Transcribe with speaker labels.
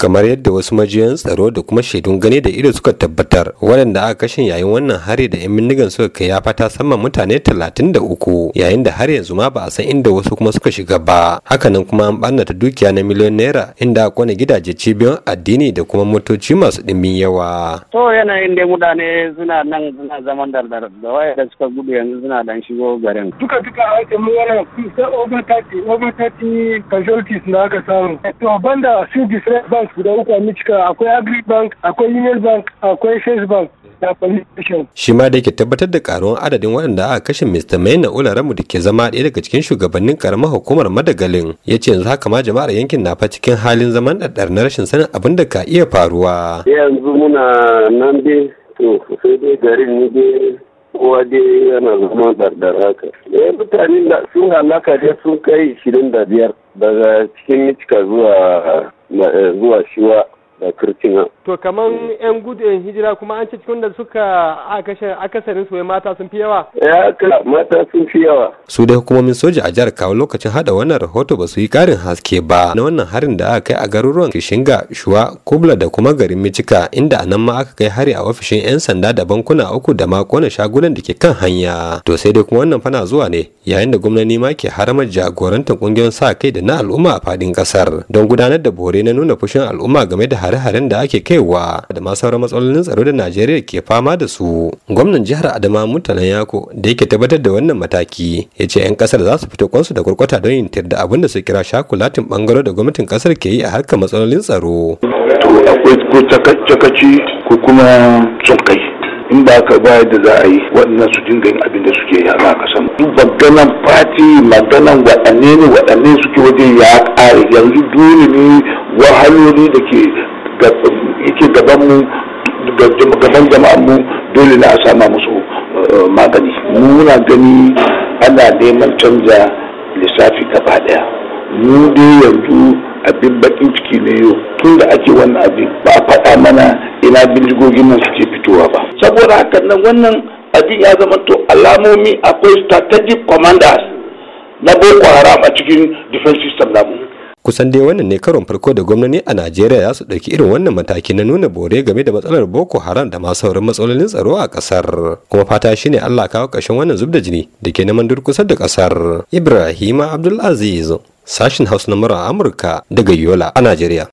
Speaker 1: kamar yadda wasu majiyan tsaro da kuma shaidun gani da ido suka tabbatar waɗanda aka kashe yayin wannan hari da 'yan bindigan suka kai ya fata saman mutane 33 yayin da har yanzu ma ba a san inda wasu kuma suka shiga ba hakanan kuma an ɓarnata dukiya na miliyon naira inda aka kone gidaje cibiyoyin addini da kuma motoci masu ɗimbin yawa.
Speaker 2: to yanayin dai mutane suna nan suna zaman dardar da waya da suka gudu yanzu suna dan shigo garin. duka duka a wajen mu wani sai over 30 over 30 casualties na aka samu. to banda su disrespect bank guda uku a Michigan akwai Agri Bank, akwai Union Bank, akwai Chase Bank.
Speaker 1: Shi ma da ke tabbatar da karuwan adadin waɗanda aka kashe Mr. Maina Ularamu da ke zama ɗaya daga cikin shugabannin karamar hukumar Madagalin ya ce yanzu haka ma jama'ar yankin na fa cikin halin zaman ɗaɗɗar na rashin sanin abin da ka iya faruwa.
Speaker 2: Yanzu muna nan dai to sai dai garin ne dai kowa dai yana zama dardar haka eh mutane da sun halaka dai sun kai 25 da biyar daga cikin mitika zuwa eh, zuwa
Speaker 1: shiwa da kirtina.
Speaker 2: To kamar yan gudun hijira kuma an ce cikin da suka akasarin su mata sun fi yawa. Ya mata sun fi yawa.
Speaker 1: Su dai hukumomin soja a jihar kawo lokacin hada wannan rahoto ba su yi karin haske ba na wannan harin da aka kai a garuruwan Kishinga, Shuwa, Kubla da kuma garin Micika inda a nan ma aka kai hari a ofishin yan sanda da bankuna uku da ma kona shagunan da ke kan hanya. To sai dai kuma wannan fana zuwa ne yayin da gwamnati ma ke haramar jagorantar kungiyoyin sa kai da na al'umma a fadin kasar don gudanar da bore na nuna fushin al'umma game da hare-haren da ake kaiwa da ma sauran matsalolin tsaro da Najeriya ke fama da su. Gwamnan jihar Adama Mutanen Yako da yake tabbatar da wannan mataki ya ce 'yan kasar za su fito kwansu da kurkwata don yin da abin da su kira shakulatin bangaro da gwamnatin kasar ke yi a harkar matsalolin tsaro. To
Speaker 3: akwai ko kuma sun kai in ba ka ba da za a yi waɗannan su dinga yin abin da suke yi a ƙasar in maganan fati maganan waɗanne ne waɗanne suke waje ya ƙare yanzu dole ne wahaloli da ke yake gaban mu gaban jama'an mu dole na a sama musu eh, magani muna gani ana neman canza lissafi gaba daya mu dai yanzu abin bakin ciki ne yau tun da ake wannan abin ba a faɗa mana ina bindigogin nan suke fitowa ba saboda haka nan wannan abin ya zama to alamomi akwai strategic commanders na boko haram a cikin defense system namu
Speaker 1: kusan dai wannan ne karon farko da gwamnati a najeriya ya su ɗauki irin wannan mataki na nuna bore game da matsalar boko haram da masu sauran matsalolin tsaro a ƙasar kuma fata shine allah kawo ƙarshen wannan zub da jini da ke neman durkusar da ƙasar ibrahima abdulaziz sashin hausa na mura amurka daga yola a najeriya